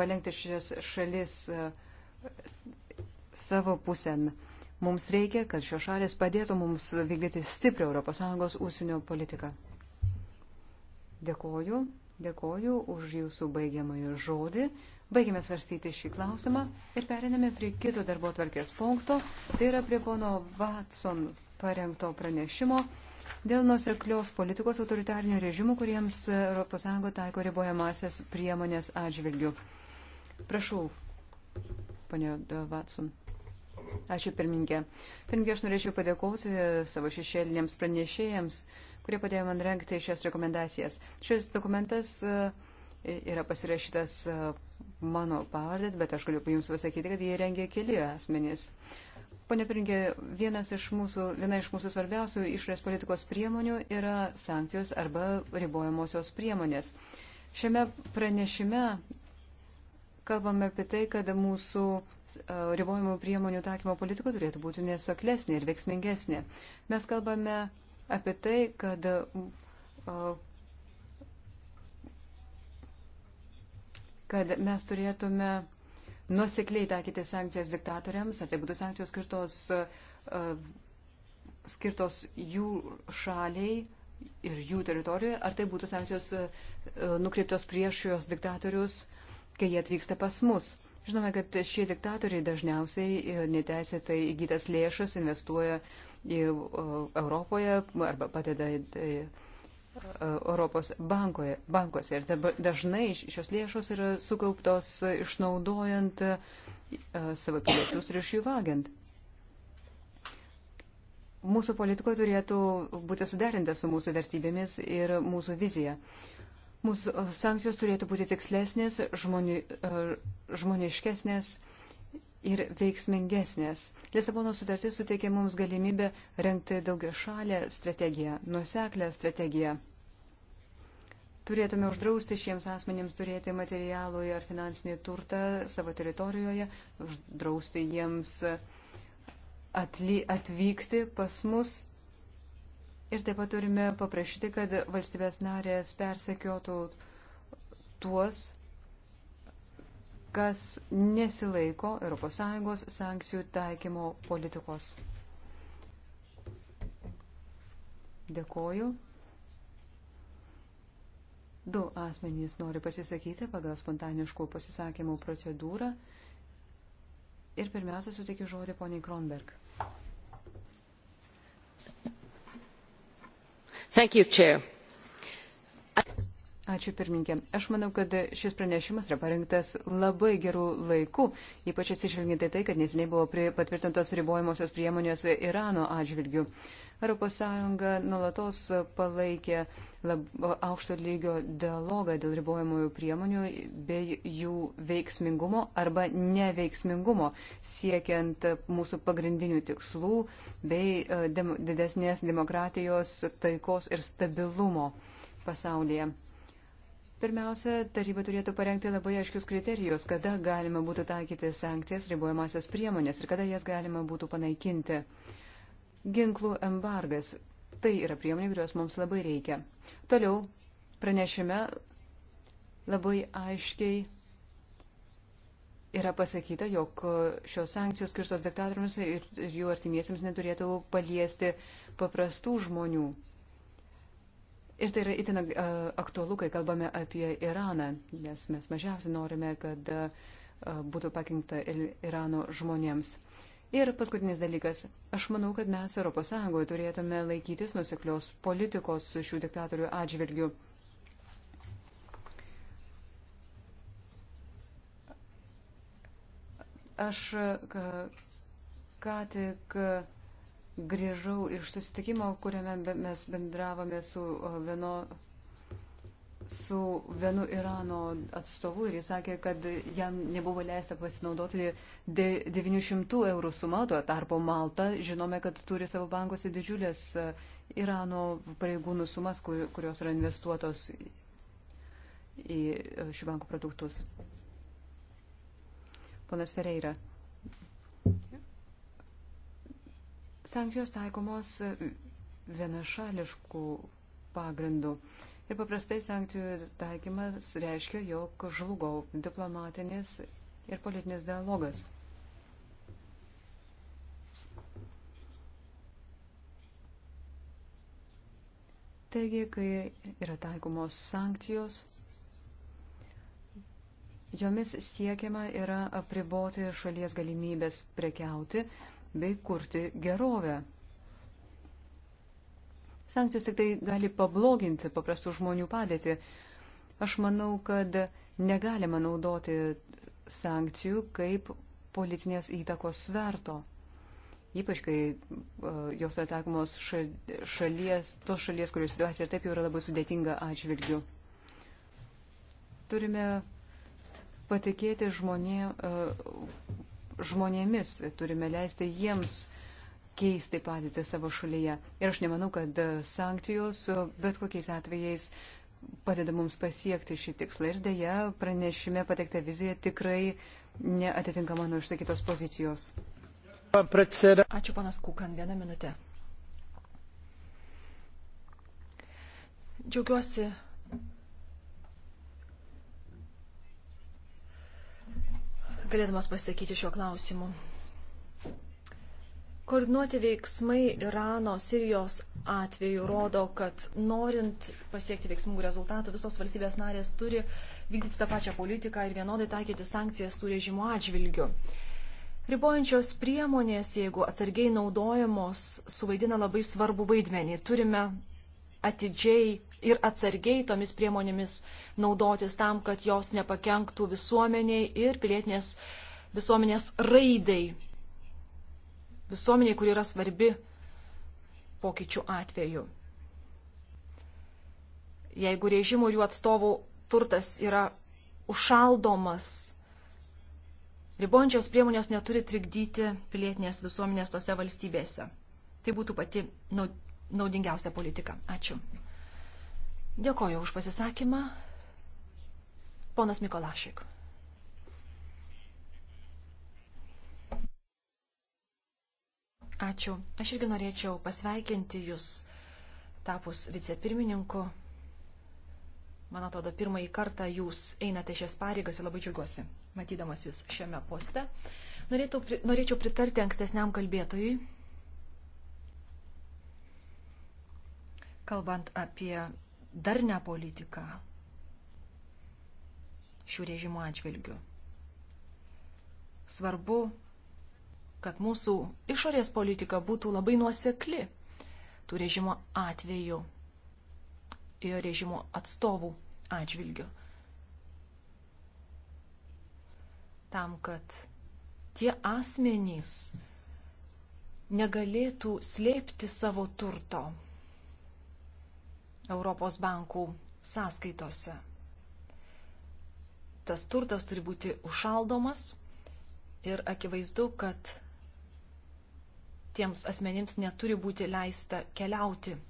palengti šias šalis e, savo pusėn. Mums reikia, kad šios šalis padėtų mums vykdyti stiprią ES ūsinio politiką. Dėkoju, dėkoju už jūsų baigiamąjį žodį. Baigime svarstyti šį klausimą ir periname prie kito darbo tvarkės punkto, tai yra prie pono Watson parengto pranešimo dėl nuseklios politikos autoritarnių režimų, kuriems ES taiko ribojamasias priemonės atžvilgių. Prašau, ponė Vatson. Ačiū pirmininkė. Pirmininkė, aš norėčiau padėkoti savo šešėliniams pranešėjams, kurie padėjo man renkti šias rekomendacijas. Šis dokumentas e, yra pasirašytas e, mano pavardėt, bet aš galiu jums pasakyti, kad jie rengė keli asmenys. Pone pirmininkė, vienas iš mūsų, viena iš mūsų svarbiausių išorės politikos priemonių yra sankcijos arba ribojamosios priemonės. Šiame pranešime kalbame apie tai, kad mūsų ribojimo priemonių taikymo politika turėtų būti nesaklesnė ir veiksmingesnė. Mes kalbame apie tai, kad kad mes turėtume nusekliai taikyti sankcijas diktatoriams, ar tai būtų sankcijos skirtos, skirtos jų šaliai ir jų teritorijoje, ar tai būtų sankcijos nukreiptos prieš juos diktatorius, uh, kai jie atvyksta pas mus. Žinome, kad šie diktatoriai dažniausiai e, neteisėtai įgytas lėšas investuoja į e, Europoje arba padeda e, Europos bankoje, bankuose. Ir dažnai šios lėšos yra sukauptos išnaudojant savo piliečius ir iš jų vagiant. Mūsų politikoje turėtų būti suderinta su mūsų vertybėmis ir mūsų vizija. Mūsų e, sankcijos turėtų būti tikslesnės, žmoni, e, žmoniškesnės ir veiksmingesnės. Lisabono sutartis suteikia mums galimybę renkti daugia šalę strategiją, nuseklę strategiją. Turėtume uždrausti šiems asmenėms turėti materialų ar finansinį turtą savo teritorijoje, uždrausti jiems atly, atvykti pas mus Ir taip pat turime paprašyti, kad valstybės narės persekiotų tuos, kas nesilaiko ES sankcijų taikymo politikos. Dėkoju. Du asmenys nori pasisakyti pagal spontaniškų pasisakymų procedūrą. Ir pirmiausia, suteikiu žodį poniai Kronberg. thank you chair. Ačiū pirminkė. Aš manau, kad šis pranešimas yra parengtas labai gerų laikų, ypač atsižvelgiant į tai, kad nesiniai buvo patvirtintos ribojamosios priemonės Irano atžvilgių. ES nulatos palaikė lab, aukšto lygio dialogą dėl ribojamųjų priemonių bei jų veiksmingumo arba neveiksmingumo, siekiant mūsų pagrindinių tikslų bei e, dem, didesnės demokratijos, taikos ir stabilumo pasaulyje. Pirmiausia, taryba turėtų parengti labai aiškius kriterijus, kada galima būtų taikyti sankcijas ribojamasias priemonės ir kada jas galima būtų panaikinti. Ginklų embargas. Tai yra priemonė, kurios mums labai reikia. Toliau pranešime labai aiškiai yra pasakyta, jog šios sankcijos skirtos diktatoriams ir, ir jų artimiesiems neturėtų paliesti paprastų žmonių. Ir tai yra itin e, aktualu, kai kalbame apie Iraną, nes mes mažiausiai norime, kad e, būtų pakengta Irano žmonėms. Ir paskutinis dalykas. Aš manau, kad mes ES turėtume laikytis nusiklios politikos šių diktatorių atžvilgių. Aš e, ką, ką tik. Ka grįžau iš susitikimo, kuriame mes bendravome su vieno su vienu Irano atstovu ir jis sakė, kad jam nebuvo leista pasinaudoti 900 eurų sumą, tuo tarpu Malta, žinome, kad turi savo bankuose didžiulės e, Irano pareigūnų sumas, kur, kurios yra investuotos į e, šių bankų produktus. Ponas Fereira. Sankcijos taikomos vienašališkų pagrindų. Ir paprastai sankcijų taikymas reiškia, jog žlugo diplomatinis ir politinis dialogas. Taigi, kai yra taikomos sankcijos, jomis siekiama yra apriboti šalies galimybės prekiauti bei kurti gerovę. Sankcijos tik tai gali pabloginti paprastų žmonių padėtį. Aš manau, kad negalima naudoti sankcijų kaip politinės įtakos sverto. Ypač, kai uh, jos yra taikomos šalies, tos šalies, kurios situacija ir taip jau yra labai sudėtinga atžvilgiu. Turime patikėti žmonė, uh, žmonėmis, turime leisti jiems keisti padėtį savo šalyje. Ir aš nemanau, kad sankcijos bet kokiais atvejais padeda mums pasiekti šį tikslą. Ir dėja, pranešime patekta vizija tikrai neatitinka mano išsakytos pozicijos. Ačiū, panas Kukan, vieną minutę. Džiaugiuosi galėdamas pasakyti šiuo klausimu. Koordinuoti veiksmai Irano, Sirijos atveju rodo, kad norint pasiekti veiksmingų rezultatų, visos valstybės narės turi vykdyti tą pačią politiką ir vienodai taikyti sankcijas tų režimų atžvilgių. Ribojančios priemonės, jeigu atsargiai naudojamos, suvaidina labai svarbu vaidmenį. Turime atidžiai ir atsargiai tomis priemonėmis naudotis tam, kad jos nepakenktų visuomeniai ir pilietinės visuomenės raidai. Visuomeniai, kur yra svarbi pokyčių atveju. Jeigu režimų ir jų atstovų turtas yra užšaldomas, ribojančios priemonės neturi trikdyti pilietinės visuomenės tose valstybėse. Tai būtų pati naudingiausia politika. Ačiū. Dėkoju už pasisakymą. Ponas Mikolašik. Ačiū. Aš irgi norėčiau pasveikinti Jūs tapus vicepirmininku. Man atrodo, pirmąjį kartą Jūs einate šias pareigas ir labai džiugiuosi, matydamas Jūs šiame poste. Norėtų, norėčiau pritarti ankstesniam kalbėtojui, kalbant apie darnę politiką šių režimų atžvilgių. Svarbu, kad mūsų išorės politika būtų labai nuosekli tų režimo atveju ir režimo atstovų atžvilgių. Tam, kad tie asmenys negalėtų slėpti savo turto Europos bankų sąskaitose. Tas turtas turi būti užšaldomas ir akivaizdu, kad tiems asmenims neturi būti leista keliauti ES.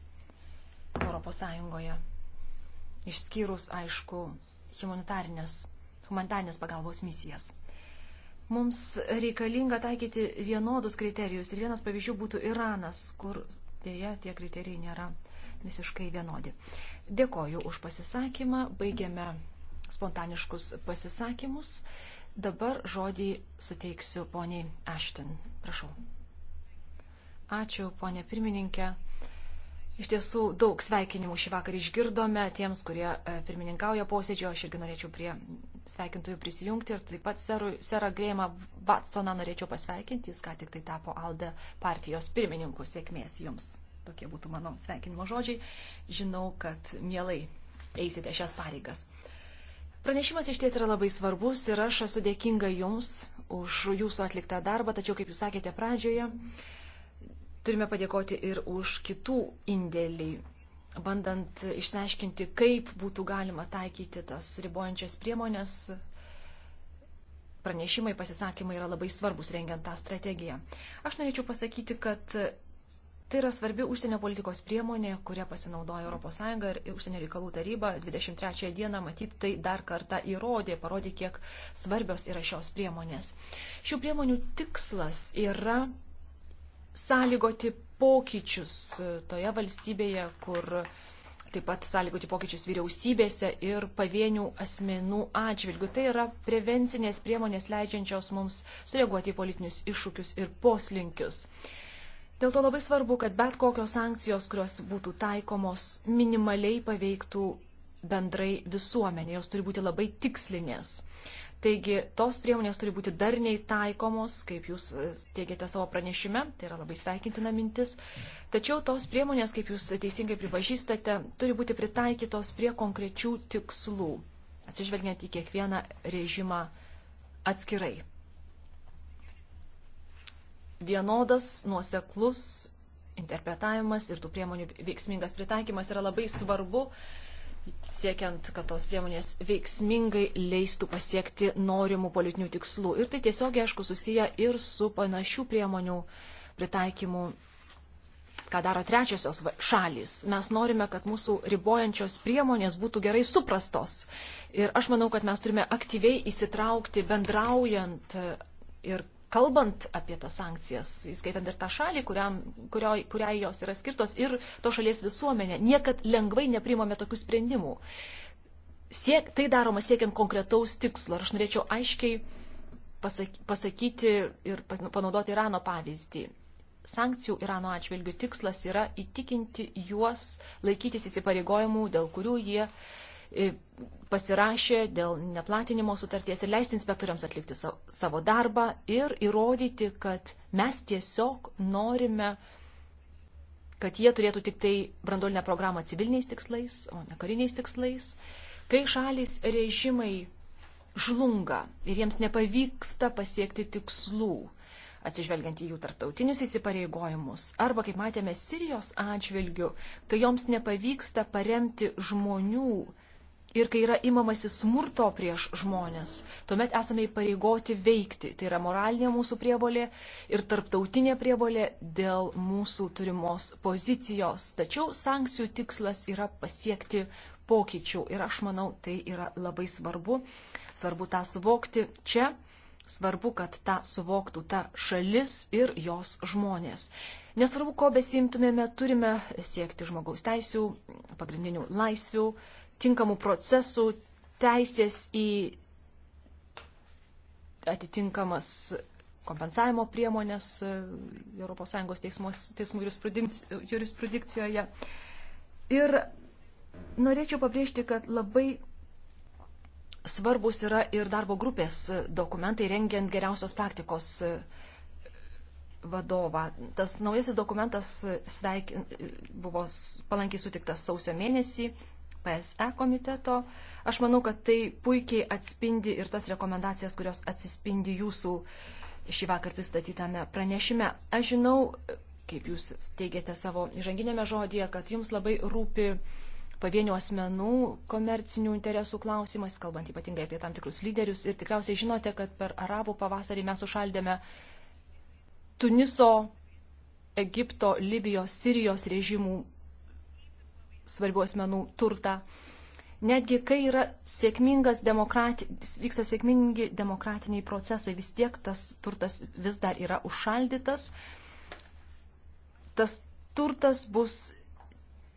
Išskyrus, aišku, humanitarinės, humanitarinės pagalbos misijas. Mums reikalinga taikyti vienodus kriterijus ir vienas pavyzdžių būtų Iranas, kur dėja tie kriterijai nėra visiškai vienodi. Dėkoju už pasisakymą, baigiame spontaniškus pasisakymus. Dabar žodį suteiksiu poniai Ashton. Prašau. Ačiū, ponė pirmininkė. Iš tiesų daug sveikinimų šį vakarą išgirdome tiems, kurie e, pirmininkauja posėdžio. Aš irgi norėčiau prie sveikintųjų prisijungti ir taip pat serų, serą Grėjimą Vatsoną norėčiau pasveikinti. Jis ką tik tai tapo Alde partijos pirmininku. Sėkmės jums. Tokie būtų mano sveikinimo žodžiai. Žinau, kad mielai eisite šias pareigas. Pranešimas iš ties yra labai svarbus ir aš esu dėkinga Jums už Jūsų atliktą darbą, tačiau, kaip Jūs sakėte pradžioje, turime padėkoti ir už kitų indėlį, bandant išsiaiškinti, kaip būtų galima taikyti tas ribojančias priemonės. Pranešimai, pasisakymai yra labai svarbus rengiant tą strategiją. Aš norėčiau pasakyti, kad Tai yra svarbi užsienio politikos priemonė, kurią pasinaudojo ES ir užsienio reikalų taryba 23 dieną, matyt, tai dar kartą įrodė, parodė, kiek svarbios yra šios priemonės. Šių priemonių tikslas yra sąlygoti pokyčius toje valstybėje, kur taip pat sąlygoti pokyčius vyriausybėse ir pavienių asmenų atžvilgių. Tai yra prevencinės priemonės leidžiančios mums sureaguoti į politinius iššūkius ir poslinkius. Dėl to labai svarbu, kad bet kokios sankcijos, kurios būtų taikomos, minimaliai paveiktų bendrai visuomenė, jos turi būti labai tikslinės. Taigi tos priemonės turi būti darniai taikomos, kaip jūs e, teigiate savo pranešime, tai yra labai sveikintina mintis. Tačiau tos priemonės, kaip jūs teisingai pripažįstate, turi būti pritaikytos prie konkrečių tikslų, atsižvelgiant į kiekvieną režimą atskirai vienodas, nuoseklus interpretavimas ir tų priemonių veiksmingas pritaikymas yra labai svarbu, siekiant, kad tos priemonės veiksmingai leistų pasiekti norimų politinių tikslų. Ir tai tiesiog, aišku, susiję ir su panašių priemonių pritaikymu, ką daro trečiosios šalis. Mes norime, kad mūsų ribojančios priemonės būtų gerai suprastos. Ir aš manau, kad mes turime aktyviai įsitraukti, bendraujant e, ir kalbant apie tas sankcijas, įskaitant ir tą šalį, kuriam, kurio, kuriai jos yra skirtos ir to šalies visuomenė, niekad lengvai neprimame tokių sprendimų. Siek, tai daroma siekiant konkretaus tikslo. Ir aš norėčiau aiškiai pasakyti ir panaudoti Irano pavyzdį. Sankcijų Irano atžvilgių tikslas yra įtikinti juos laikytis įsipareigojimų, dėl kurių jie uh, E, pasirašė dėl neplatinimo sutarties ir leisti inspektoriams atlikti savo darbą ir įrodyti, kad mes tiesiog norime, kad jie turėtų tik tai brandolinę programą civiliniais tikslais, o ne kariniais tikslais. Kai šalis režimai žlunga ir jiems nepavyksta pasiekti tikslų, atsižvelgiant į jų tartautinius įsipareigojimus, arba, kaip matėme, Sirijos atžvilgiu, kai joms nepavyksta paremti žmonių ir kai yra imamasi smurto prieš žmonės, tuomet esame įpareigoti veikti. Tai yra moralinė mūsų prievolė ir tarptautinė prievolė dėl mūsų turimos pozicijos. Tačiau sankcijų tikslas yra pasiekti pokyčių ir aš manau, tai yra labai svarbu. Svarbu tą suvokti čia. Svarbu, kad tą suvoktų ta šalis ir jos žmonės. Nesvarbu, ko besimtumėme, turime siekti žmogaus teisų, pagrindinių laisvių, tinkamų procesų, teisės į atitinkamas kompensavimo priemonės e, ES teismos, teismų jurisprudikcijoje. Ir norėčiau pabrėžti, kad labai svarbus yra ir darbo grupės dokumentai rengiant geriausios praktikos e, vadovą. Tas naujasis dokumentas sveikin, e, buvo palankiai sutiktas sausio mėnesį PSE komiteto. Aš manau, kad tai puikiai atspindi ir tas rekomendacijas, kurios atsispindi jūsų šį vakar pristatytame pranešime. Aš žinau, kaip jūs teigiate savo įžanginėme žodėje, kad jums labai rūpi pavienių asmenų komercinių interesų klausimas, kalbant ypatingai apie tam tikrus lyderius. Ir tikriausiai žinote, kad per arabų pavasarį mes užšaldėme Tuniso, Egipto, Libijos, Sirijos režimų svarbių asmenų turtą. Netgi kai yra sėkmingas demokrati, vyksta sėkmingi demokratiniai procesai, vis tiek tas turtas vis dar yra užšaldytas. Tas turtas bus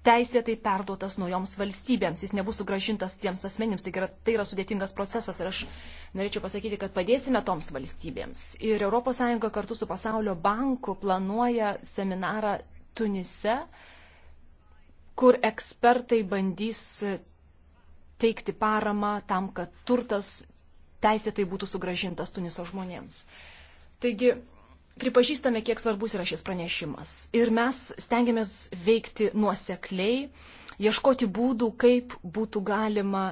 teisėtai perduotas naujoms valstybėms, jis nebus sugražintas tiems asmenims. Tai yra, tai yra sudėtingas procesas ir aš norėčiau pasakyti, kad padėsime toms valstybėms. Ir ES kartu su Pasaulio banku planuoja seminarą Tunise. Uh, kur ekspertai bandys teikti paramą tam, kad turtas teisėtai būtų sugražintas Tuniso žmonėms. Taigi, pripažįstame, kiek svarbus yra šis pranešimas. Ir mes stengiamės veikti nuosekliai, ieškoti būdų, kaip būtų galima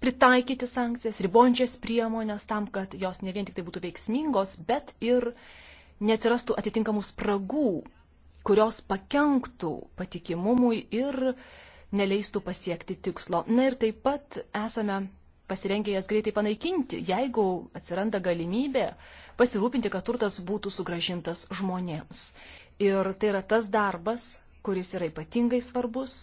pritaikyti sankcijas, ribončias priemonės tam, kad jos ne vien tik tai būtų veiksmingos, bet ir neatsirastų atitinkamų spragų kurios pakenktų patikimumui ir neleistų pasiekti tikslo. Na ir taip pat esame pasirengę jas greitai panaikinti, jeigu atsiranda galimybė pasirūpinti, kad turtas būtų sugražintas žmonėms. Ir tai yra tas darbas, kuris yra ypatingai svarbus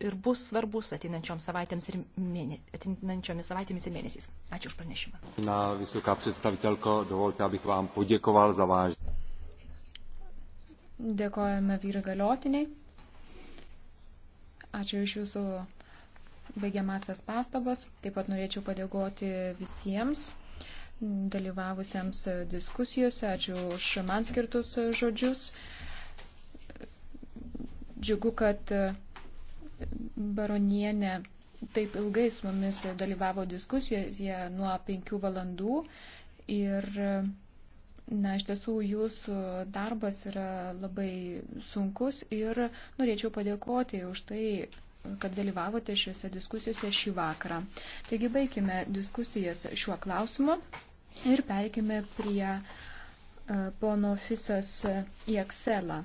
ir bus svarbus ateinančioms savaitėms ir mėne, ateinančiomis savaitėmis ir mėnesiais. Ačiū už pranešimą. Na, visų ką pristavitelko, dovolte, abych vám podėkoval za váš. Dėkojame vyrai galiotiniai. Ačiū iš jūsų baigiamasias pastabas. Taip pat norėčiau padėkoti visiems dalyvavusiems diskusijose. Ačiū už man skirtus žodžius. Džiugu, kad baronienė taip ilgai su mumis dalyvavo diskusijoje nuo 5 valandų ir Na, iš tiesų, jūsų darbas yra labai sunkus ir norėčiau padėkoti už tai, kad dalyvavote šiuose diskusijose šį vakarą. Taigi, baigime diskusijas šiuo klausimu ir perkime prie e, pono Fisas į Excelą.